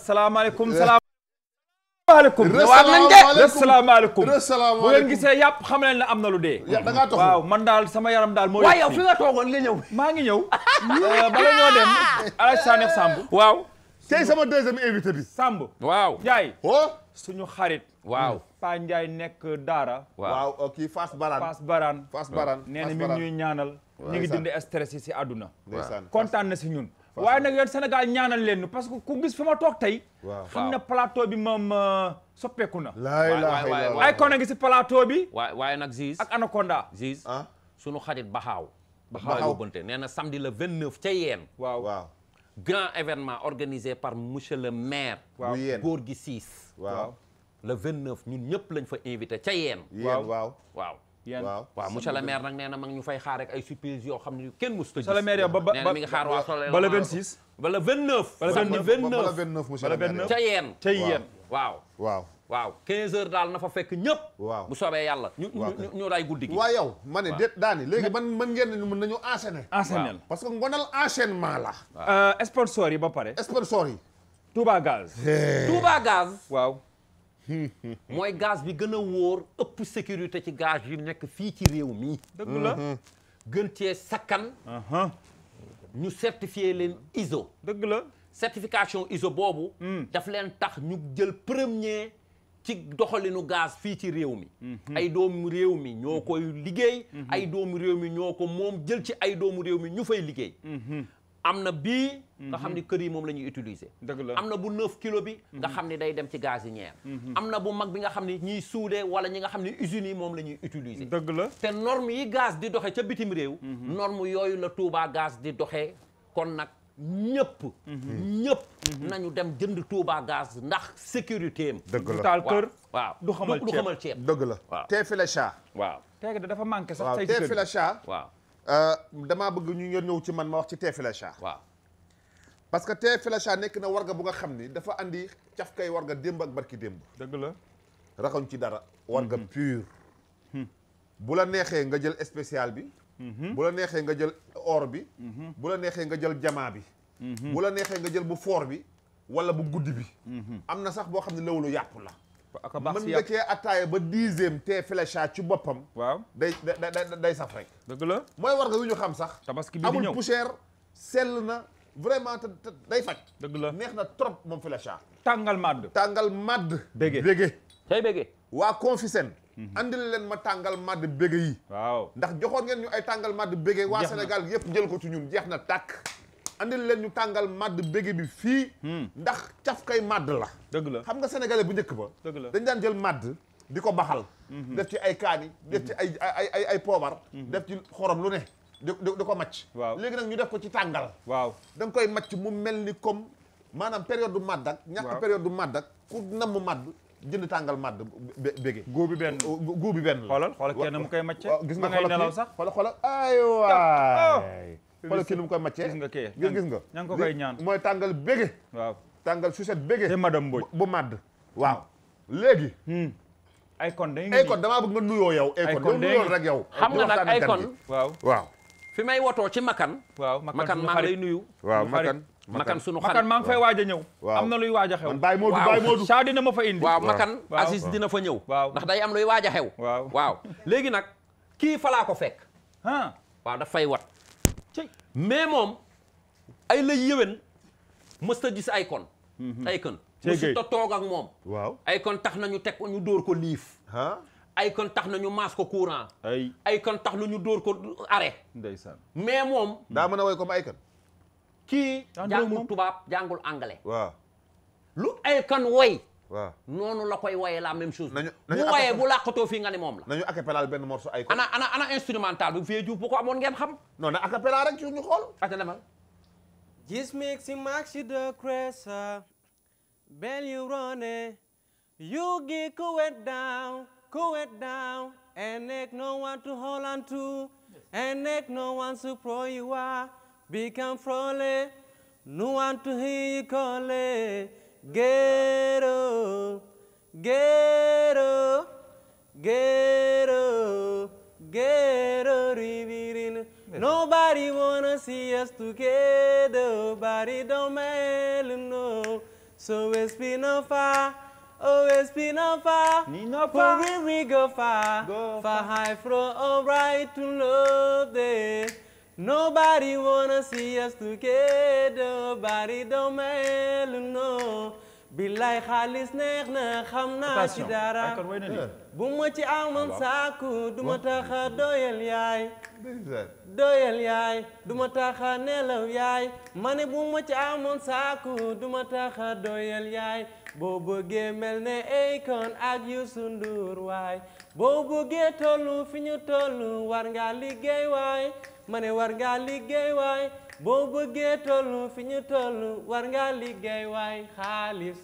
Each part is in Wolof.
salaamaaleykum salaam. maaleykum waaw salaamaaleykum bu ngeen gisee yàpp xam ne am na lu dee man daal sama yaram daal moo waaw yow fi nga toogoon nga ñëw maa ngi ñëw euh, bala ñoo dem Alaaji Sanex Samb waaw tey sama deuxième invité bi Samb waaw Ndiaye oh. suñu xarit waaw Pa nekk daara waaw kii Fass Barane Fass Barane ñuy ñaanal ñu ngi dund stress si àdduna kontaan na si ñun waaye nag yoon Sénégal ñaanal leen parce que ku gis fi ma toog tey xam na plateau bi moom soppeeku na ay kon a ngi si plateau bi waaye nag Ziz ak Anaconda Ziz ah. sunu xarit baxaaw baxaaw yóbbante nee na samedi le vingt neuf ca yeen waaw waaw grand événement organisé par monsieur le maire góor gi siis waaw le vingt neuf ñun ñëpp lañ fa invité ca yeen waaw waaw yéen waaw monsieur le maire nag nee na ñu fay xaar ay surprise yoo kenn mosut a yow ba ba ba mi ngi xaar waa Soleil ba le 26. ba daal na fa fekk ñëpp. bu soobee yàlla. ñu ñu ñu ray daani léegi man man ngeen ne mën nañoo enchaîner. parce que ngonal enchaînement la. Euh, sponsor ba pare. sponsor yi. Touba Gaz. Touba mooy gaz bi gën a wóor ëpp sécurité ci gaz yu nekk fii ci réew mi. dëgg la mhm. gën cee sakkan. ñu certifié leen ISO. dëgg la certification ISO boobu. Mm. daf leen tax ñu jël premier. ci doxalinu gaz fii ci réew mi mhm. ay doomu réew mi ñoo mhm. ko liggéey ay doomu réew mi ñoo ko moom jël ci ay doomu réew mi ñu fay liggéey am na bii nga mhm. xam ni kër yi moom la ñuy utiliser dëgg la am na bu neuf kilo bi nga mhm. xam ni day dem ci gazinière mhm. am na bu mag bi nga xam ni ñiy suudee wala ñi nga xam ni usines yi moom la ñuy utiliser dëgg la te norme yi gaz di doxe ca bitim réew norme yooyu la Touba gaz di doxee kon nag ñëpp ñëpp nañu dem jënd Touba gaz ndax sécurité am dëgg la du taal kër waaw du xamal ceeb dëgg la waaw teefi la cha teeg da dafa manqué sax waaw teefi la cha Euh, damaa bëgg ñu ngeen ñëw ci man ma wax ci tee filacha waaw parce que tee filacha nekk na warga bu nga xam ni dafa andi cafkay kay warga démb ak barki démb dëgg la raxuñ ci dara warga mhm. pur hmm. bu la neexee nga jël spécial bi mhm. bu la neexee nga jël oor bi mhm. bu la neexee nga jël jamaa bi bu la neexee nga jël bu foor bi wala bu guddi bi am na sax boo xam ne loolu yàpp la ak a baax mën nga cee attaaya ba dixième te flécha ci boppam. waaw day day day saf rek. dëgg la mooy war nga yu ñu xam sax. tabaski bi di ñëw amul poussière sell na. vraiment te day faj. dëgg la neex na trop moom flécha. tàngal madd. tàngal madd. bége bége. tey bége. waa Confisen. andil leen ma tàngal madd bége yi. ndax joxoon ngeen ñu ay tàngal madd bége. waa Sénégal yëpp jël ko ci ñun jeex na tàkk. andil leen ñu tàngal màdd bége bi fii hmm. ndax caf kay màdd la dëgg la xam nga sénégalais bu njëkk ba dëgg la dañ daan jël màdd di ko baxal hmm. def ci ay kaani def ci ay ay ay ay poobar hmm. def ci xorom lu ne di di ko macc waaw léegi nag ñu def ko ci tàngal waaw da koy macc mu mel ni comme maanaam période du màdd ak ñàkk période du màdd ak ku mu màdd jënd tàngal màdd bége góobi benn góobi benn la xoolal xoolal kenn mu koy macce gis nga ngay nelaw sax xoolal xoolal ay waay oh. xoolal kii nu mu koy màccee gis nga kee gis nga ña ngi ko koy ñaan mooy tàngal bége waaw tàngal sucette bége te madame Mbodj bu màdd waaw léegi ay hmm. kon dañuy ay kon damaa bëgg nga nuyoo yow ay kon dama nuyoo rek yow xam nga nag ay waaw fi may wotoo ci makan waaw makan maa ngi lay nuyu waaw makan makan sunu xarit makan maa ngi fay waaj a ñëw am na luy waaj a xew Baye Modou Baye Modou saa dina ma fa indi waaw kan Aziz dina fa ñëw ndax day am luy waaj a xew waaw léegi nag kii falaa ko fekk ah waaw daf wat mais moom ay la yéwén mës ta gis ay kon ay kon mësu toog ak moom waaw ay kon tax nañu teg ñu dóor ko liif ay kon tax nañu maas ko courant ay ay lu ñu nañu dóor ko arrêt ndeysaan mais moom daa mën a woy comme ay kon kii jàngul tubaab jàngul anglais waaw lu ay kon woy waaw noonu la koy woyee la même bu woyee bu làqatoo fii nga ne moom la. nañu acapella benn morceau ay. ana ana instrumental bi Vieux Diouf bu ko amoon ngeen xam. non na acapella rek ci ñu xool. ata demal. gis mixi maxi de cressa bel yu rone you gi cool it down cool it down and make no one to hold on and make no one to pro you are ghetto, ghetto, ghetto, ghetto revealing. Nobody wanna see us together, but it don't matter, no. So it's been a fire, always been a fire. Nina far. But we go far, go far high from all right to love day. Nobody wanna see us together, but it don't matter, no. billaay xaalis neex na xam naa ci dara eh. bu ma ci amoon ah, saaku du ma tax a doyal yaay doyal ma tax nelaw yaay ma ne bu ma ci amoon saaku du ma tax doyal yaay boo bëggee mel ne Akon ak Youssou Ndour waay boo bëggee tollu fi ñu tollu war ngaa liggéey waay ma ne war ngaa liggéey waay boo bëggee tollu fi ñu tollu war ngaa liggéey waay xaalis.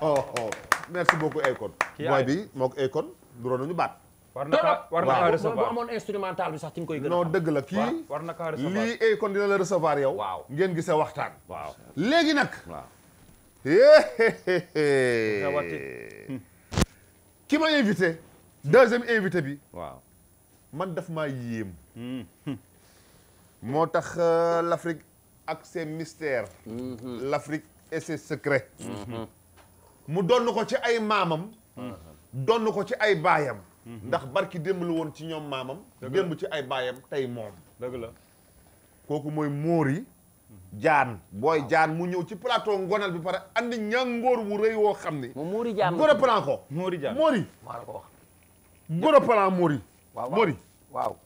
Oh, oh, oh. merci beaucoup Akon. kii waay bi moo ko Akon duroon nañu baat. war na kaa war na kaa recevoir bu amoon instrumental bi sax ci nga koy gën a non dëgg la kii war na kaa recevoir lii Akon dina la recevoir yow. waaw ngeen gisee waxtaan. waaw léegi nag. ki ma invité. deuxième invité bi. waaw man daf maa yéem. Hmm. moo tax euh, l'Afrique ak ses mystères mm-hmm. l'Afrique et ses secrets mm-hmm. mu donn ko ci ay maamam mm-hmm. donn ko ci ay baayam ndax barki démb la woon ci ñoom maamam démb ci ay baayam tey moom la kooku mooy Mori jaan booy jaan mu ñëw ci plateau ngonal bi pare andi ñàngoor wu rëy woo xam ni Mori jaan góor a plan ko Mori jaan Mori maa la ko wax waaw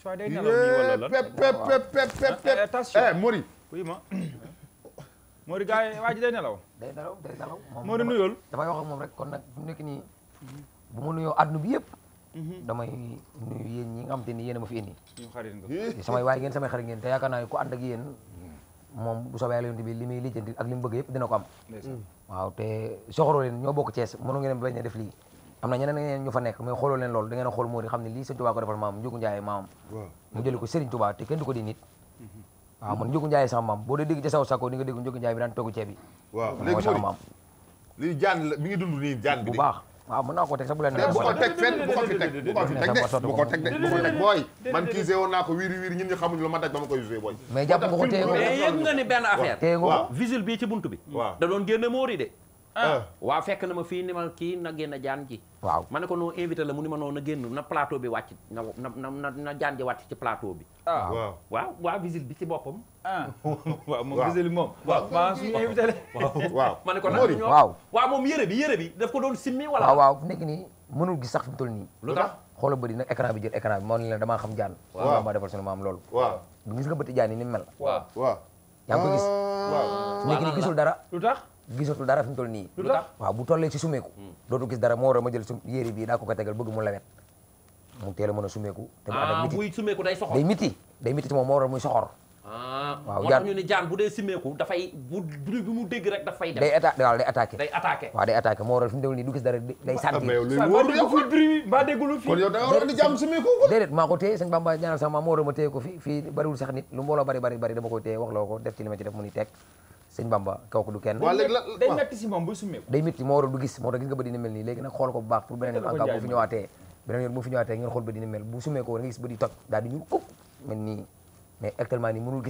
soit day nelaw nii wala lan pep pep pep pep pep pep. attention eh Mori. oui ma Mori gars yi waa ji day nelaw. day nelaw day nelaw. Mori nuyool damay wax ak moom rek kon nag bu nekk nii bu ma nuyoo àdduna bi yëpp. Mhm. damay nuyu yéen ñi nga xam te ni yéen a ma fi indi. ñu xarit nga samay waay ngeen samay xarit ngeen te yaakaar naa ne ku ànd ak yéen. moom bu soobee yàlla yonent bi li muy lijjanti ak li mu bëgg yëpp dina ko am. waaw te soxoro leen ñoo bokk Cees mënu ngeen bañ a def lii. am na ñeneen ñeneen ñu fa nekk mais xooloo leen loolu da ngeen a xool moo di xam ne lii sëñ Tuubaa ko defal maam Njugu Njaay maam mu jëli ko Sëriñ Tuubaa te kenn du ko di nit mhm. waaw man Njugu Njaay sax bi waaw léegi sax maam lii jaan la mi ngi teg sax man kiisee woon naa ko wiiri wiiri ñun ñu xamuñu la ma daj ba ma koy usee booy mais jàpp nga ko téye ko mais benn affaire Ah. Ah. waa fekk na ma fi ni ma kii na génn jaan ji waaw ma ne ko noo invité la mu ni ma noon na génn na plateau bi wàcc na na na na jaan ji wàcc ci plateau bi ah. waaw waaw waaw bi ci boppam waaw moom visite bi moom waaw ma ne ko nag waaw waaw moom yére bi yére bi daf ko doon simmi wala waaw fu nekk nii mënul gis sax fi mu nii lu tax xoola bëri nag bi jël écran damaa xam jaan waaw ma defal sunu maam loolu waaw gis nga bëti jaan yi ni mu mel waaw yaa ko gis nekk nii gisul dara gisatul dara fi mu nii. waaw bu tollee ci sumeeku. Hmm. dootu gis dara moo war a ma jël su yéeri bii daa ko ko tegal bëgg mu lawet mu teel a ah, sumeeku. day soxor day miti day miti te moom moo war a soxor. Ah, waaw jaan bu dee simeeku dafay bu mu dégg rek dafay def. day attaqué waaw day attaqué. day attaqué waaw day attaqué moo waral fi mu déglu nii du gis dara day santi. Ah, mais yow luy a di jàmm simeeku. déedéet maa ko moo waral ma téye ko fi fii bariwul sax nit lu mbooloo bari bari bari dama koy téye wax loo ko def ci li ma ci def mu ni teg sëñ Bamba kooku du kenn. waaw léegi la day métti si moom bu summeeku. day métti moo waral du gis moo tax gis nga ba dina mel nii léegi nag xool ko bu baax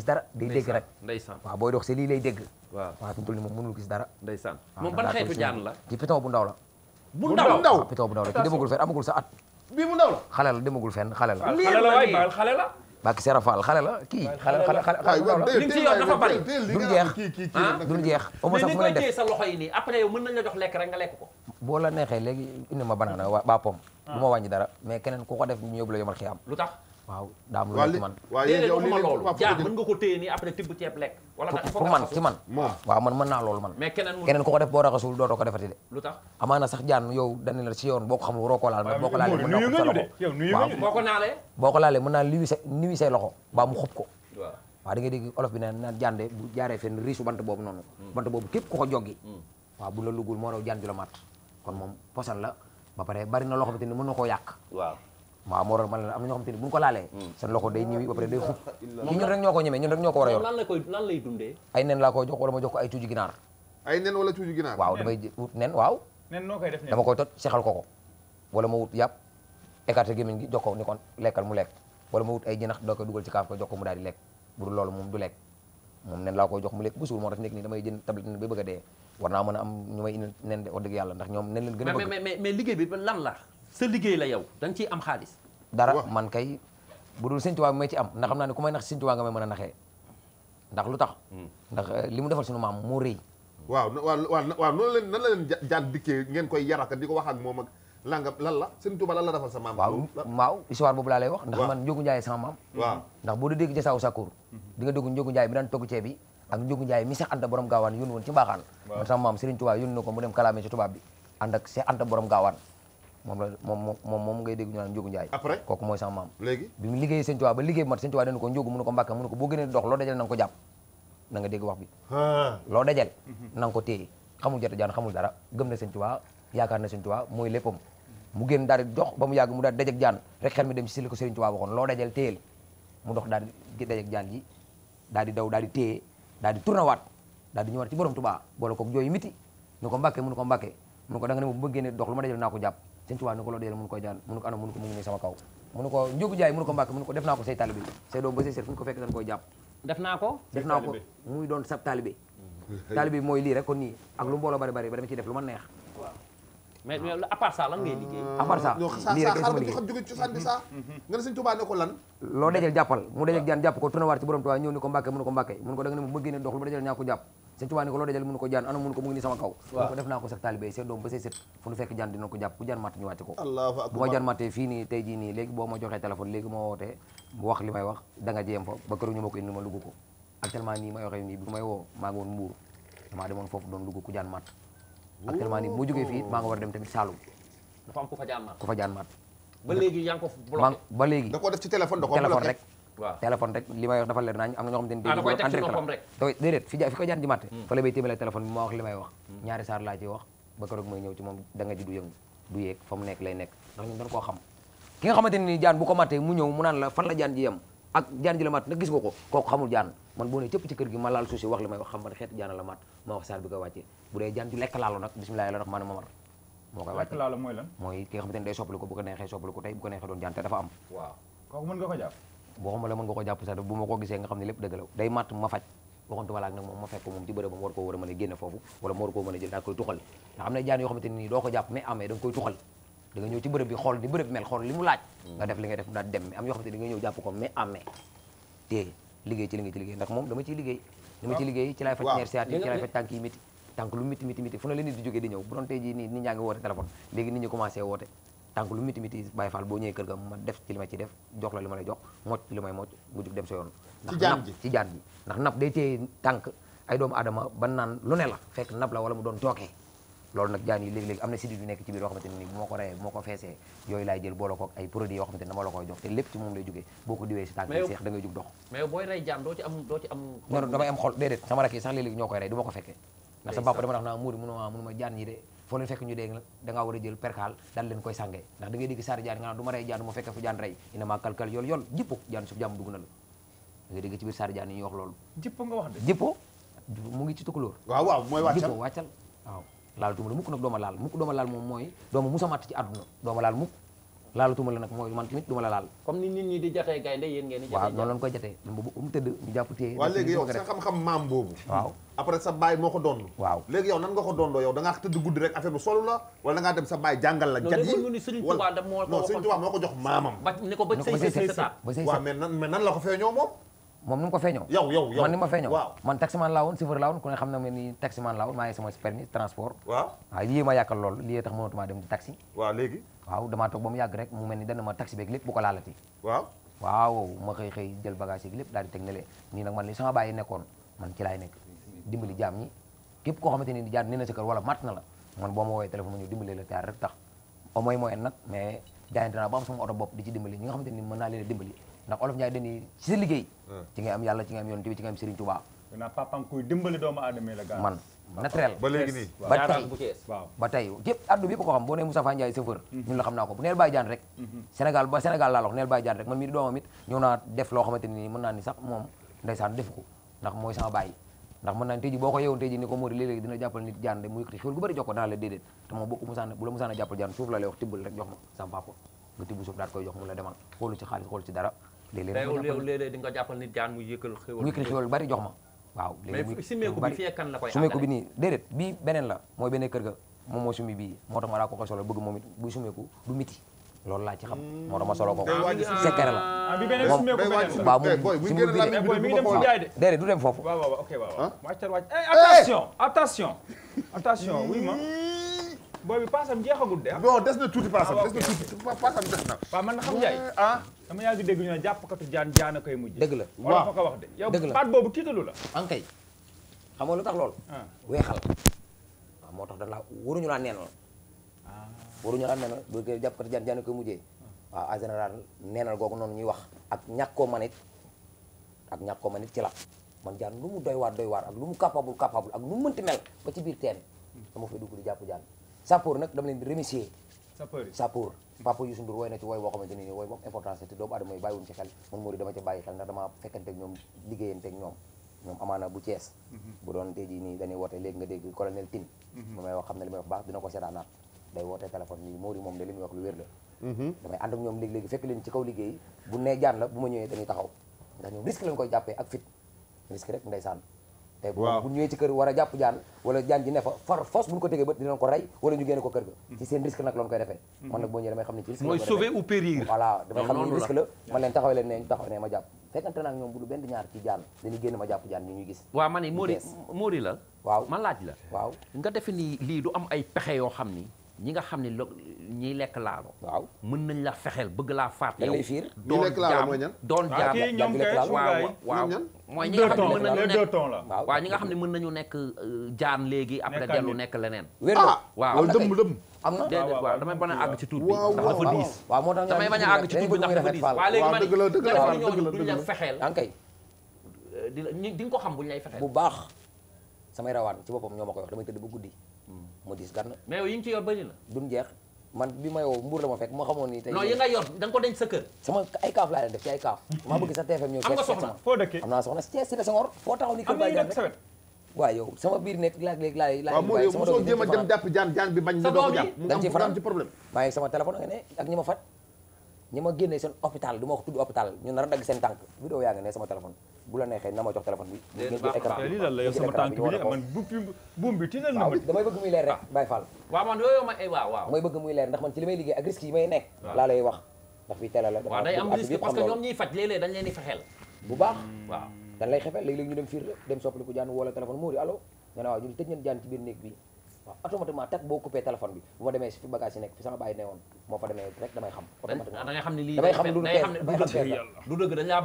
dara day dégg rek ndeysaan booy dox si lii lay dégg waaw waaw tuntul ni moom mënul gis dara ndeysaan moom la ci piton bu ndaw la bu ndaw bu ah, bu ndaw la ki demagul fenn amagul sa at bii bu ndaw la xale la Bakki Serap Fall xale la kii. xale xale xale li nga ci jeex ah? duñ jeex. au moins sax def mais sa loxo yi nii après yow mën nañ la jox lekk rek nga lekk ko. boo la neexee léegi indi ma banana na ba pom. du ma wàññi dara mais keneen ku ko def ñu yóbbu la yomal xiyaam lu tax waaw daa am man waaw yéen yow li loolu jaan ko téye nii après tibb ceeb lekk wala pour man man naa loolu man mais keneen ku ko def boo raxasul dootoo ko defati de lu tax amaana sax jaan yow dañ la ci yoon boo ko xamul waroo koo laal mais boo ko laalee mën naa ko waaw boo ko liwi sa niwi say loxo baa mu xub ko waaw da ngay dégg olof bi ne naan jaan de bu jaaree fenn riisu bant boobu noonu hmm. bant boobu képp ku ko joggi hmm. waaw bu la lugul moo raw jaan ju mat kon moom posan la ba pare bari na loxo bi te ni mën na koo yàq waaw moo tax man la am na ñoo xam te ne bu ko laalee hmm. seen loxo day ñëwi ba ko ñemee ñun a yor lan la ko ay cuuju ginaar ko ko wala ma wut yàpp écarté gémmiñ gi jox ko ni kon lekkal mu lekk ma wut ay jinax doo koy dugal ci kaaf ko jox ko mu daal di lekk lekk moom nen laa jox mu lekk bu suur moo tax nekk nii damay jënd tablette nen bay bëgg a dee war naa mën a am ñu may nen de wax dëgg yàlla ndax ñoom nen leen gën a bëgg mais liggéey bi lan la sa liggéey la yow da nga ciy am xaalis. dara man kay bu dul sëñ Tuubaa bi may ci am ndax xam naa ne ku may nax sëñ Tuubaa nga may mën a naxee ndax lu tax. Hmm. ndax eh, li mu defal suñu maam moo rëy. waaw waaw waaw noonu leen nan la leen jaan dikkee ngeen koy ko wax ak moom ak lan nga lan la sëñ Tuubaa lan la defal sa maam. waaw waaw histoire boobu laa lay wax. ndax man Njóogu Njaay sama maam. waaw ndax boo dee dégg jasaaw Sakkour. Hmm. di nga dégg Njóogu Njaay bi daan togg bi ak Njóogu borom gaawaan mu dem kalaame ci tubaab bi ànd ak Seex Anta borom gaawaan moom la moom moom moom ngay dégg ñu naan Njóogu Njaay après kooku mooy sama maam léegi bi mu liggéey Sëñ Tuubaa ba liggéey bi mat Sëñ Tuubaa dana ko Njóogu mu ne ko Mbàkke mu ne ko boo gënee dox loo dajal na nga ko jàpp na nga dégg wax bi loo dajal na nga ko téye xamul jota jaan xamul dara gëm na Sëñ Tuubaa yaakaar na Sëñ Tuubaa mooy léppam mu génn daal di dox ba mu yàgg mu daal dajek jaan rek xel mi dem ci si li ko Sëriñ Tuubaa waxoon loo dajal téyel mu dox daal di dajek jaan ji daal di daw daal di téye daal di tourné waat daal di ñëwaat ci borom Tuubaa boole ko jooy miti ni ko Mbàkke mu ne ko Mbàkke mu ne ko da nga ne bu bëggee ne dox lu ma dajal naa ko jàpp sëñ Tuubaa ni ko ko anam mënu ko mu ngi nii sama kaw mënu ko njógu kon nii ak lu mbooloo bari bari ba dama ciy def lu ma neex mais à part ça lan ngay liggéey à part nga ne sëñ ko lan loo dajal jàppal mu dajal jàpp ko tournawaar ci borom Tuubaa ñëw ni ko mbàkke mënu ko mbàkke mënu ko da ne mu bëggee ne dox lu ma dajal ñaa ko jàpp sëñ Tuubaa ni ko loo dajal mënu ko jaan ana mënu ko mu ngi ni sama kaw ko def naa ko sax taalibe seen doom ba say sët fu nu fekk jaan dina ko jàpp ma jaan mattee fii nii tey jii nii léegi boo ma joxee téléphone léegi moo wootee mu wax li may wax da nga jéem fa maa ngi woon foofu doon lugg ku jaan matt actuellement nii moo jógee fii maa nga war a dem tamit Saalum ba léegi yaa ngi ko bloqué ba rek waaw téléphone rek li may wax dafa leer nañ am na ñoo xam te ne déedéet déedéet fi fi ko jaan hmm. hmm. xam ki nga xamante jaan bu ko mattee mu ñëw mu la fan la jaan ji yem ak jaan ji jaan man boo ne cëpp ci ma laal suuf si wax li may wax xam man xeet jaan la ma wax saar bi dee jaan ju mooy lan mooy ki nga xamante ne day soppali ko bu ko neexee soppali ko tey bu neexee doon jaan te dafa am kooku mën nga ko jàpp waxuma la mën nga ko jàpp sax bu ma ko gisee nga xam ne lépp dëgg la day matt ma faj waxantuma laak nag moom ma fekk moom ci bërëb war koo war a mën a génne foofu wala ma war koo mën a jël daa koy tuxal ndax am na jaan yoo xamante nii ni bërëb ñëw jàpp ko mais amee te liggéey ci liggéey ndax moom dama ciy liggéey dama ciy liggéey ci laay faj ñeer siat yi yi miti tànk lu miti miti fu na la di jógee di ñëw bu doon tey jii nii woote téléphone woote tànk lu miti miti Baye Fall boo ñëwee kër ga ma def ci li ci def jox la li jox mocc ci li nga jóg dem sa yoon ndax na sidit yu nekk ci biir yoo xamante ne ni bu ma ko reyee bu ma ko feesee yooyu laay jël boole ko ay produits yoo xamante ne dama la koy lay jógee boo ko diwee si tànk seex da sax léeg-léegi ñoo koy rey du ma ko fekkee ndax sa papa dama tax naa muuri mënuma jaan yi de foo leen fekk ñu dee da war a jël perkaal daal leen koy sànge ndax da ngay dégg saari jaan nga naan du ma rey jaan ma fekke fu jaan rey ina kalkal yool yool jippo jaan suuf jàmm dugg na la da ngay dégg ci biir saari mukk nag dooma laal mukk dooma laal moom mooy dooma musa matt ci àdduna dooma laal mukk laalatuma la nag mooy man tamit duma la laal comme ni nit ñi di jatee gaynde yéen ngeen di jatee waaw noonu lañ koy jatee boobu um tëdd ñu jàpp téye waaw léegi sa xam-xam maam boobu après sa baay moo ko doon waaw léegi yow nan nga ko doondoo yow da ngaa tëdd guddi rek affaire bu solu la wala da dem sa baay jàngal la jat yi Sëriñ ba sëy sëy waaw mais nan la ko feeñoo moom moom ni ko feeñoo yow yow yow man ni ma feeñoo waaw man taximan laa woon chauffeur laa woon ku ne xam na ma ni taximan laa woon maa ma ba mu yàgg rek mu mel dana ma taxi beeg lépp bu ko laalati waaw ma xëy xëy jël bagage yi lépp daal di teg ne nii nag man li sama baay nekkoon man ci laay dimbali jaam ñi képp koo xamante ni ne na sa kër wala mat na la man boo ma woowee téléphone ñu dimbali la taar rek tax au moins moyen nag mais jaayante naa di ci dimbali ñi nga xamante ni mën naa leen a dimbali ndax olof ñaay dañuy ci liggéey hmm. ci ngay am yàlla ci ngay am yoon bi man naturel ba léegi nii ba tey ba tey képp addu bi ko xam boo nee Moustapha Ndiaye chauffeur hmm. ñun la xam naa ko neel bàyyi jaan hmm. rek man mii di doomam it ñëw naa def loo xamante ni mën naa ni sax moom ndeysaan defu ko ndax mooy sama bàyyi ndax mën naan tey ji boo ko yewoon tey ji ni ko Mody léeg-léeg dina jàppal nit jaan de mu yëkkati xéwal gu bëri jox ko dana la déedéet te moom bokku a jàppal jaan mu la bi moom moo sumi bii moo tax ma ko koy solo bëgg moom it buy sumeeku du miti loolu laa ci xam moo dama solo ko secret la ah, waaw moom si déedéet du dem foofu attention attention attention oui ma booy bi paasam jeexagul de bon ah. des na tuuti paasam ah, des na tuuti paasam des na waaw man na xam jaay ah dama yàgg dégg ñu ne jàppkatu jaan jaan a koy mujj dëgg la waaw fa ko wax de yow baat boobu tiitalu la ankay xam nga lu tax loolu weexal waaw moo tax dañ laa waruñu laa neenal waruñu am nena bu ko jàpp kat jaan jaan koy mujjee waaw en général neenal ñuy wax ak ñàkk koo manit ak ñàkk koo manit ci lu mu doy waar doy waar ak lu mu lu mu mënti mel ba ci biir teen dama fay dugg di jàpp jaan sapeur nag dama leen di remercier sapeur papa Youssou Ndour woy na ci woy boo xamante nii woy moom importance te doomu adama yi bàyyiwuñ ci xel man Mouride dama ci bàyyi xel ndax dama ñoom ñoom amaana bu Thiès mhm. bu doon tey jii nii dañuy woote léegi nga dégg colonel Tine. mu mhm. may wax xam ne li may wax baax dina ko seetaanaat day woote téléphone ñi Mori moom de li muy wax lu wér la mhm. damay ànd ak ñoom léegi-léegi fekk leen ci kaw koy jàppee ak fit risque rek ndeysaan te bu a wala jaan ji ne fa far fos bu ñu ko tegee bët dinañ ko ko kër ga mhm. ci seen risque nag loon koy defee mhm. man nag boo ñëwee damay xam ne la ma jàpp waaw ma la waaw ma nga defe ni lii du am ay pexe yoo xam ni ñi nga xam ni lo ñi lekk laalo. waaw mën nañ la fexeel bëgg laa faat yow. doon jaam doon ah, jaam ñoom kay waaw waaw mooy ñi nga xam ne mën nañu nekk xam ne mën nañu nekk jaan léegi après dellu nekk leneen. waaw dëmm dëmm. am na waaw damay bañ àgg ci tuut bi dafa moo tax damay bañ a àgg ci tuut bi ndax dafa diis. waaw léegi man ñooñu duñ la fexeel. Euh, di nga ko xam buñ lay fexeel. bu baax samay rawaan ci boppam ñoo ma koy wax damay tëdd bu guddi mu diis gan. mais yi nga ci yor bëri na. duñ jeex man bi ma yow mbuur la ma fekk moo xamoon ni. tey non yi nga yor da ko denc sa kër. sama ay kaaf laa def ci ay kaaf. maa bëgg sa TFM ñëw. am nga soxna foo dëkkee am ni kër Baye Jaan rek waaw yow sama biir nekk laaj léegi laaj. laaj bi bàyyi sama doom bi waaw mooy a dem jàpp jaan jaan bi bañ. sa doom bi da nga ci faral maa ngi sama téléphone nga ne ak ñi ma fat ñi ma génnee seen hôpital du ma wax tudd hôpital ñu nar a dagg seen tànk vidéo yaa nga ne sama téléphone bu la neexee na ma jox téléphone bi lii lan la yow sama tànk bi man bu buum bi tiital na ma damay bëgg muy leer rek ah. Baye Fall waaw man yooyu ma eh, waaw waaw mooy bëgg muy leer ndax man ci li liggéey ak risque yi may nekk laa lay wax ndax fii télé la waaw day am risque parce que ñoom ñuy faj léeg dañ leen di bu baax hmm. waaw dañ xefeel léeg-léeg ñu dem fiir dem soppali ko jaan wala téléphone néeg bi automatiquement teg boo coupé téléphone bi bu ma demee fi bagage yi nekk fi sama bàyyi ne woon moo fa demee rek damay xam automatiquement ah, damay xam ne lii dañ laa a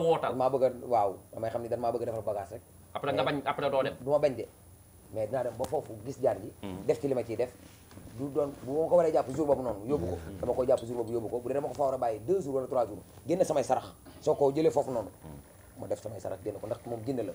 wootal maa bëgg a waaw a defal bagage ba foofu gis jaan ji hmm. def ci li ma ciy def du doon bu ma ko waree jàpp jour boobu noonu yóbbu ko hmm. dama koy jàpp jour boobu yóbbu ko bu dee dama ko fa war a bàyyi deux jours wala trois jours génn samay sarax soo ko jëlee foofu noonu ma def samay sarax génn ko ndax moom génn la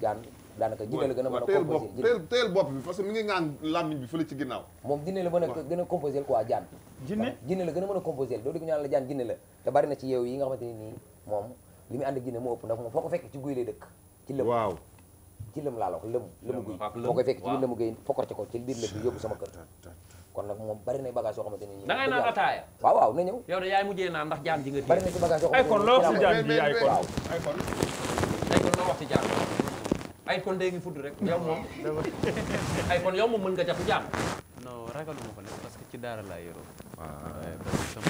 jaan daanaka jinne la gën a mën a composé teel teel bopp bi parce que mi ngi ngaan làmmiñ bi fële ci ginnaaw moom jinne la mën a gën a composé quoi jaan jinne la gën a mën a composé doo dégg ñaan la jaan jinne la te bari na ci yeew yi nga xamante ni nii moom li muy ànd ak jinne moo ëpp ndax moom bari na bagage yoo xamante ni da jaan ji bari na ci bagage yoo xamante ni ay ay kon dee ngi fudd yow moom mën nga jàpp jàmm. non ragaluma ko nag parce que ci daara laa yoroo. waaw parce que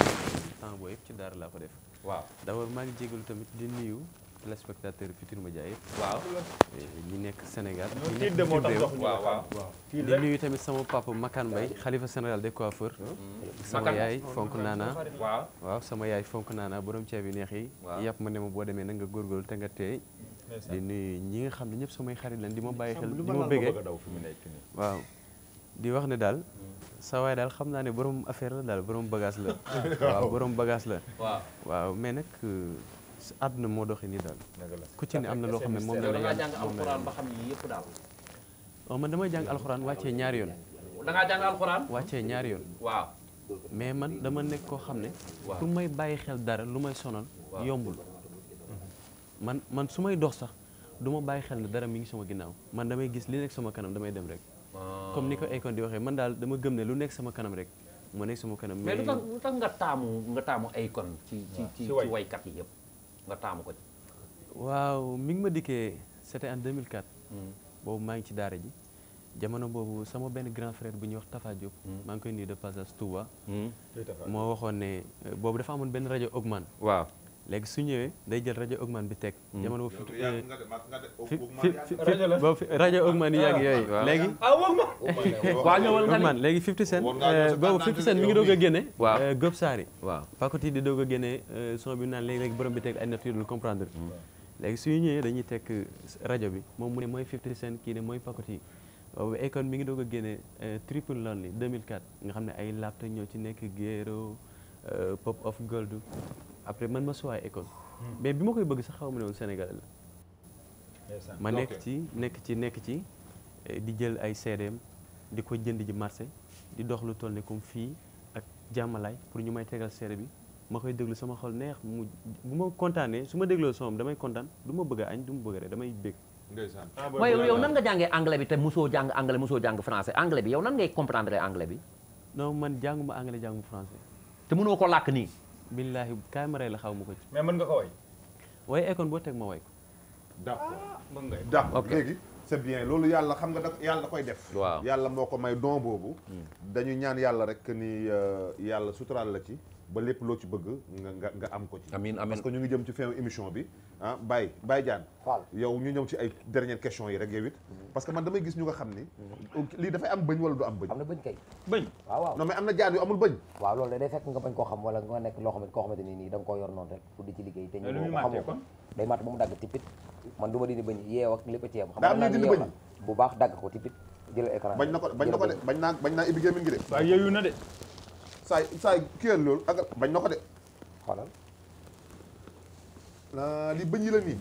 ci daara laa ko def. waaw d'abord maa ngi jégalu tamit di nuyu téléspectateur Futurs Médias yëpp. waaw eh, ñi nekk Sénégal. ñi nekk bitim réew waaw waaw. di nuyu tamit sama papa Makan Mbaye xalifa général des coiffeurs. Hmm. sama yaay fonk naana. waaw waaw sama yaay fonk naana borom ceeb yu neex yi. waaw yàpp ma ne ma boo demee na nga góorgóorlu te nga teey di nuyu ñi nga xam ne ñëpp samay xarit lañ di ma bàyyi xel di ma bëggee waaw di wax ne daal hmm. sa waay daal xam naa ne borom affaire la daal borom bagaas la waaw borom bagage la waaw mais nag euh, àdduna moo doxee nii daal ku ci ne am na loo xam ne moom la la jàng alxuraan ba xam daal waaw oh, man damay jàng alxuraan wàccee ñaari yoon wàccee ñaari yoon waaw mais man dama nekk koo xam ne pour may bàyyi xel dara lu may sonal yombul man man su may dox sax du ma bàyyi xel na dara mi ngi sama ginnaaw man damay gis li nekk sama kanam damay dem rek. Ah. comme ni ko Akon di waxee man daal dama gëm ne lu nekk sama kanam rek ma nekk sama kanam. taamu nga taamu Akon. ci ci ci ci waykat yi yëpp nga taamu ko ci. mi ngi ma dikkee c'était en 2004. Hmm. boobu maa ngi ci daara ji. jamono boobu sama benn grand bu ñuy wax Tafa Diop. Hmm. maa koy nuyu de passage Touba. Hmm. moo waxoon ne boobu dafa amoon benn rajo Ogman. waaw léegi su ñëwee day jël rajo Augman bi teg. Hmm. jamono boobu fi rajo léegi ah, waaw ñëwal nga Augman léegi 50 Cent. Eh, boobu 50 ngi doog a génne. Eh, waaw Saari. waaw Pakoti di doog a génne eh, bi naan léegi léegi borom bi teg ay nature lu comprendre. Hmm. léegi su ñëwee dañuy teg rajo bi moom mu ne mooy 50 Cent kii ne mooy Pakoti. boobu Akon mi ngi doog a génne triple lonely 2004 nga xam ne ay lapte ñoo ci nekk Guéro Pop of Gold. après man ma suwaay école. Hmm. mais bi ma koy bëgg sax xaw ma ne woon Sénégal la. ma nekk ci nekk ci nekk ci eh, di jël ay CDM di ko jënd ji marché di dox lu toll ne comme fii ak jàmmalaay pour ñu may tegal seede bi ma koy déglu sama xaw neex mu bu ma kontaanee su ma dégloo soom damay kontaan du ma bëgg a añ du ma bëgg a damay bég. ndeysaan ah, ah, waaye yow nan nga jàngee anglais bi te mosoo jàng anglais mosoo jàng français anglais bi yow nan ngay comprendre anglais bi. non man jànguma anglais jànguma français. te mënoo ko làkk nii. billaahi kaay ma rey la xaw ma ko ci. mais mën nga ko way. way ekoon boo teg ma way ko. d'accord ah, mën léegi. c'est bien loolu yàlla xam nga da yàlla da koy def. waaw yàlla moo ko may don boobu. Hmm. dañu ñaan yàlla rek ni euh, yàlla suturaal la ci. ba lépp loo ci bëgg nga nga am ko ci. amiin parce que ñu ngi jëm ci fin émission bi ah Baye Baye Diagne. ñu ñëw ci ay dernière question yi rek yow it. Mm-hmm. parce que man damay gis ñu nga xam ni. lii dafay am bëñ wala du am bëñ. am na bëñ kay. bëñ waaw waaw ne yor noonu rek pour di ci liggéey. te ñu ko xamoo ko day matt ba dagg tipit man du ma bëñ yeew ak ci yem. xam naa yeew la bu baax dagg ko tipit jël écran bañ na ko de bañ naa bañ naa ibbi gémmiñ saay saay kiyal loolu ak bañ na ko de la li bañ yi la nii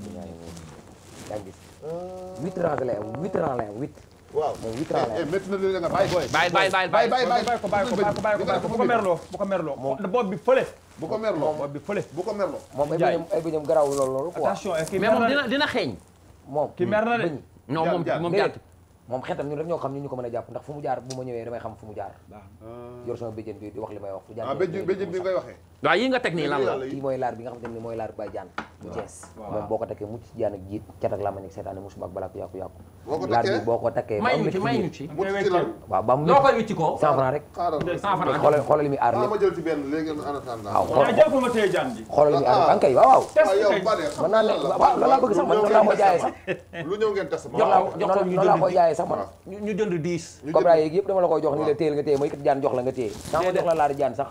yaa gis ah. huit rangs lay am huit rangs lay am huit waaw moom huit rangs lay am ah, eh, métti na li nga eh. bàyyi bàyyi bàyyi bàyyi bàyyi bàyyi ko bàyyi ko bàyyi ko bàyyi ko bu ko merloo bu ko merloo boobu bi fële bu ko merloo boobu bi fële bu ko merloo moom ay bëñam garaaw loolu loolu quoi attention eh, mais moom dina dina xeeñ moom ki mer na de non moom moom moom xeetam ñun rek ñoo xam ñu ñu ko mën a jàpp ndax fu mu jaar bu ma ñëwee damay xam fu mu jaar ah. yor sama béjjën bi di wax li may wax fu jaar béjjën ah, bi ngay waxee waaw yi nga teg nii lan la kii mooy laar bi nga xam ne mooy laar Baye Diagne bu Cees moom boo ko takkee mucc jaan ak jiit cat ak lamañ ak seetaane musu baak balaa ku yàqu yàqu laar bi boo ko takkee may ñu ci may ñu ci waaw ba mu noo koy wicci ko cent franc rek jël ci ah, bi xoolal li muy aar ankay noonu laa ko jaayee sax man ñu jënd diis cobra yeeg yëpp dama la koy jox ni la téyel nga téye ma yëkkati jaan jox la nga téye sax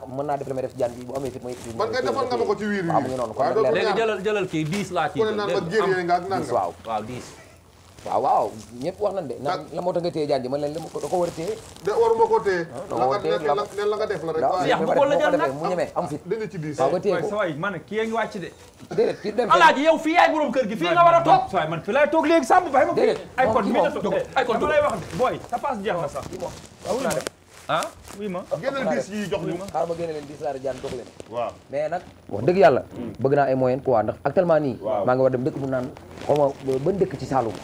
mën naa def la may def jaan bi bu amee fit ma yëkkati man nga defal nga ma ko ci wiir yi waaw mu ngi noonu kon nag léegi tiital kii diis laa tiital. waaw waaw diis. waaw waaw ñëpp wax nañ de. naan la moo tax nga téye janj man leen da ko war a de waruma ko téye. la waaw mu ñeme am fit. dina ci diis ko waaye man kii ngi wàcc de. déedéet fii dem yaay borom kër gi fii nga war a toog. waaye man fii laay toog léegi sàmm bàyyi ma. kii moom ay kon mi la toog ay kon sa passe jeex ah oui ma ah, génnal diis yi jox jaan jox leen mais nag wax dëgg yàlla bëgg naa ay moyen quoi ndax actuellement nii maa ngi war dem dëkk bu naan xaw ma ban dëkk ci Saloum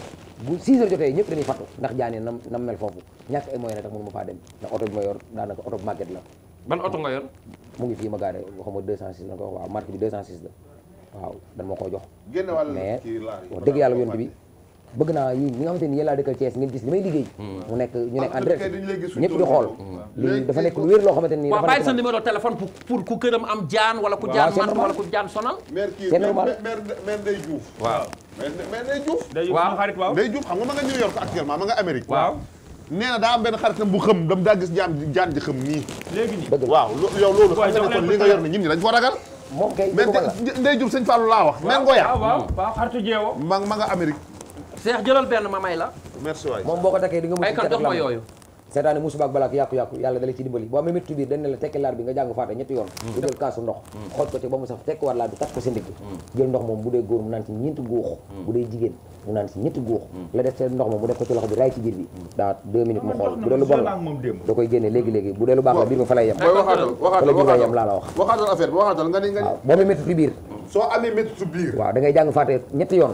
bu 6 heures jotee ñëpp dañuy fattu ndax jaani nam nam mel foofu ñàkk ay moyen rek tax mënu ma faa dem ndax oto bi ma yor daanaka oto bu màgget la ban oto nga yor mu ngi fii ma gaare xaw ma 206 la ko wax waaw marque bi 206 la waaw dan ma koo jox mais wax dëgg yàlla yonent bi bëgg naa yi ñi nga xamante ni yéen laa dëkkal Thiès ngeen gis li may liggéey mu nekk ñu nekk en direct ñëpp di xool li dafa nekk lu wér loo xamante ni waaw bàyyi sa numéro téléphone ku këram am jaan wala ku jaan jaan sonal c'est normal maire day Diouf waaw maire day xam nga ma nga nga Amérique waaw na daa am benn xaritam bu xëm dam daa gis jaan jaan ji xëm nii léegi nii waaw yow loolu xam nga ne kon li nga yor ragal moom kay mais Ndeye laa wax. waaw waaw waaw xaritu jeewoo. ma ma seex jëlal benn ma may la. merci waay moom boo ko takkee di nga. ay kan jox ma yooyu. seetaane musiba ak balak yàqu-yàqu yàlla da ci dimbali boo amee métti biir soo amee métti biir waaw da jàng faata ñetti yoon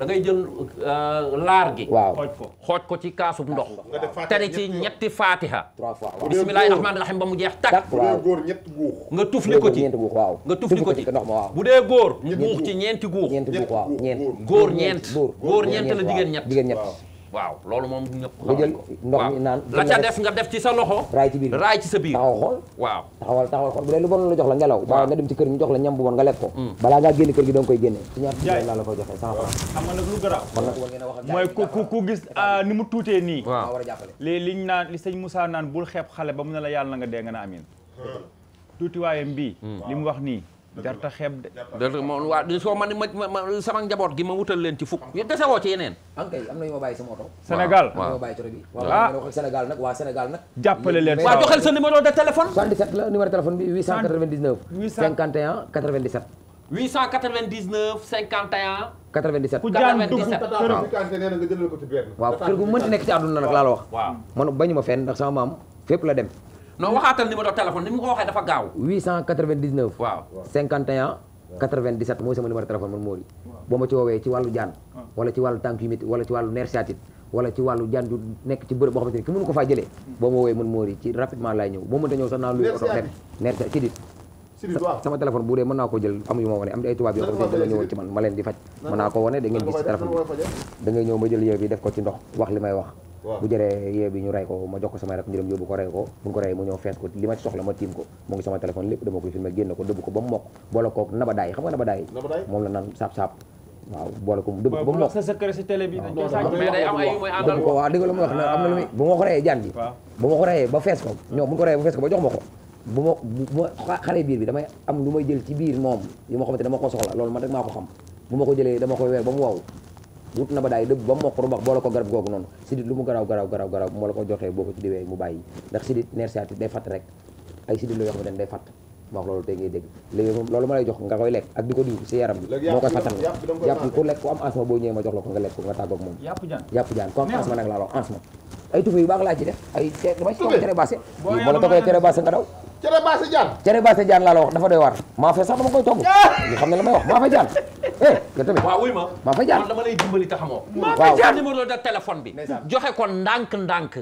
da ngay jël euh, laar gi. waaw xooj ko ci kaasub ndox. tari ci ñetti faatiha. trois fois waaw bismillahi rahmaani rahim ba mu jeex tak bu dee góor ñetti guux. nga tufli ko ci nga tufli ko ci bu dee góor. mu guux ci ñeenti guux. ñeenti guux waaw ñeent góor ñeent. góor ñeent la jigéen ñett. waaw loolu moom ñëpp nga jël ndox mi naan la ca def nga def ci sa loxo raay ci biir raay ci sa taxaw xool waaw taxawal taxawal xool bu dee lu bon la jox la ngelaw baa nga dem ci kër ñu jox la ñam bu bon nga lekk ko mm. balaa ngaa génn kër gi danga koy génne ci ñaar laa la koy joxee a francs xam nga nag lu garaaw mooy ku ku gis ah, ni mu tuutee nii waaw li naan li sëñ Moussa naan bul xep xale ba mu ne la yàlla na nga dee nga na amin tuutiwaayam bii mm. li mu wax nii jarta xeeb de. jarta moom waaw soo man ma ma sama njaboot gi ma wutal leen ti fukk. dese woo ci yeneen. an kay am na ñu ma bàyyi sama oto. Sénégal waaw ah. waaw bàyyi bi. waaw Sénégal nag waa Sénégal nag. jàppale leen waaw joxel sa numéro de téléphone. 77 la numéro téléphone bi 899. 851 97. 899 51. 97 ku jaan dugg kër gu kante nee na nga jëlal waaw kër gu mënti nekk ci àdduna nag laa la wax. waaw man bañu ma fenn ndax sama maam fépp la dem. non waxaatal numéro téléphone ni mu ko waxee dafa gaaw. 899. waaw 51. 97 mooy sama numéro téléphone man moo di. ma ci woowee ci wàllu jaan. wala ci wàllu tànk yu métti wala ci wàllu nerf wala ci wàllu jaan ju nekk ci bërëb boo xamante ni ki mënu ko faa jëlee. boo ma woowee man moo di ci rapidement laay ñëw boo mënta ñëw sax naa luy oto nerf nerf ci dit sama téléphone bu dee mën naa ko jël am yu ma wane am ay tubaab yoo ma leen di faj mën naa ko wane da ngeen gis ci ma jël yow bi ko ci ndox wax li may wax bu jëree yee bi ñu rey ko ma jox ko sama rek ñu dem ko rey ko bu ko rey mu ñëw fees ko li ma ci soxla ma tiim ko mu ngi sama téléphone lépp dama ko dëbb ko ba mu mokk moom la naan saab-saab waaw ko dëbb ko ba mu sa secret si télé bi dañ la mu wax na am na lu muy bu ma ko reyee jaan bi bu ma ko reyee ba fees ko ñoom bu ko reyee ba fees ko ba jox ma ko bu ma bu ma xale biir bi damay am lu may jël ci biir moom yu ma xamante dama ko soxla loolu ma rek maa ko xam bu ma ko jëlee dama ko weer ba mu waaw wut na ba daay dëbb ba mokk rubax boole ko garab googu noonu sidit lu mu garaaw garaaw garaaw garaaw moo la ko joxee boo ko ci diwee mu bàyyi ndax sidit nerf sciatique day fatt rek ay sidit la yoo xam ne day fatt ma wax loolu tey ngay dégg léegi moom loolu ma lay jox nga koy lekk ak di ko diw si yaram bi moo koy fattal yàpp ku lekk ku am asma boo ñëwee ma jox la ko nga lekk ko nga tàggoog moom yàpp jaan ku am asma nag laa la asma ay tufe yu baax laa ci def ay dama ci toog cere baase moo la toogee cere baase nga daw cere baase jaan cere baase jaan laa la wax dafa doy war maa fe sax dama koy togg ñu xam ne la may wax maa fe jaan eh yow tamit waaw wuy ma Mame Faye Diallo dama lay dimbali te xamoo Mame Faye Diallo numéro de téléphone bi joxe ko ndànk ndànk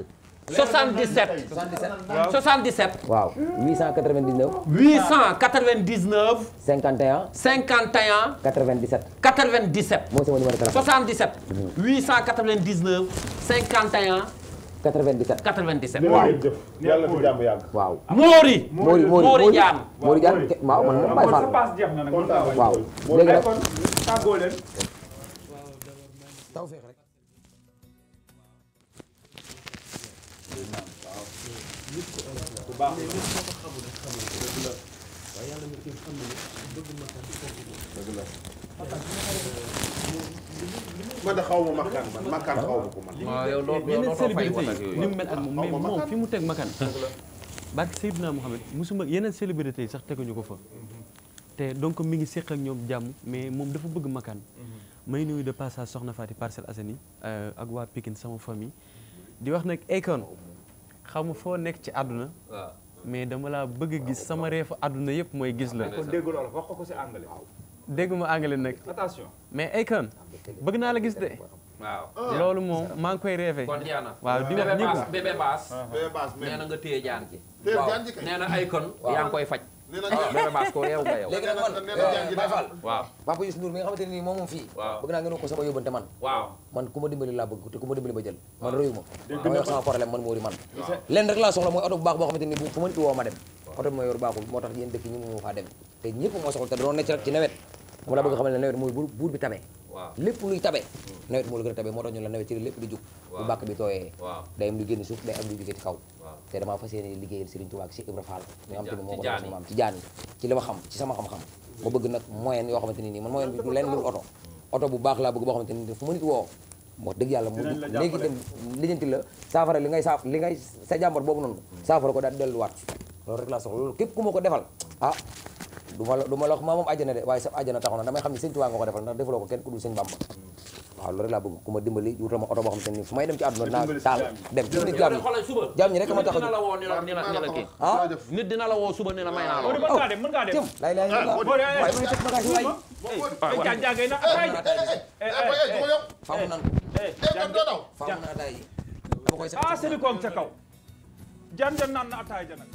77 77 waaw 899 899 51 51 97 97 moo sama numéro téléphone 77 899 51 97 97 waaw yàlla fi jàmm yàgg waaw Mori Mori Mori Diam Mori Diam waaw man moom Baye Fall waaw léegi nag tàggoo leen taw feex rek bu baax dëgg la man xaw ma ma ko man. waaw célébrité yi ni mu mel ak moom mais moom fi mu teg makkaan. barke Seydina Mohamed musuma yeneen célébrité yi sax teguñu ko fa. te donc mi ngi séq ak ñoom jàmm mais moom dafa bëgg makkaan. may nuyu de passage soxna Faati Parcelles Assainies euh, ak waa Pikine sama famille. di wax nag Akon xam nga foo nekk ci àdduna. mais dama laa bëgg a gis sama reefu àdduna yëpp mooy gis la. kon dégg ma anglais nag. attention. mais Akon bëgg naa la gis de. loolu moom maa ngi koy rêvé. kon jaana baas bébé baas ah, na nga téye jaan ji. waaw nee na Akon yaa ngi koy faj. Ah, bébé baas ko réew nga yow. léegi eh, naa ko sama yóbbante man. waaw man ku ma dimbali laa bëgg te ku dimbali ba jël. man rëyu ma. dégg sama problème man moo man. lenn rek laa soxla mooy oto bu baax boo xamante ne nii nit woo dem. oto bi ma yor baaxul moo tax yéen dëkk ñi faa dem te ñëpp moo soxla te doon nekk ci nawet mu la bëgg xamal ne nawet mooy buur bi tabe lépp luy tabe hmm. nawet moo la gën a tabe moo tax ñu la nawet ci lépp di jug bu bàkk bi tooyee day am lu génn suuf day am lu jógee ci kaw te damaa fas yéene liggéeyal xam ci sama xam-xam ma bëgg nag moyen yoo xamante ni nii man moyen bi du leen lu oto hmm. oto bu baax laa bëgg boo xamante ni fu ma nit woo wax dëgg yàlla mu léegi dem lijjanti la saafara li ngay saaf li ngay sa jàmbar boobu noonu hmm. saafara ko daal delluwaat loolu rek laa soxla loolu képp ku ma ko defal ah, du ma la du ma la ma moom àjjana de waaye sa àjjana taxoon na damay xam ne sëñ Tuubaa nga ko defal ndax defaloo ko kenn ku dul sëñ Bàmba waaw loolu laa bëgg ku ma dimbali wutal ma oto boo xam te ni fu may dem ci àdduna naa taal dem ci nit jaam ñi jaam ñi rek ma tax a la woo ni la ni la kii ah nit dina la woo suba ni la may naa la woo mën ngaa dem mën ngaa dem lay lay ah, waaye may teg bagage waay jàng eh, eh, jàngay na ataay faamu nan ko faamu na ataay yi dama koy sa ah sëni koom ca kaw jaan jaan naan na ataay ja nag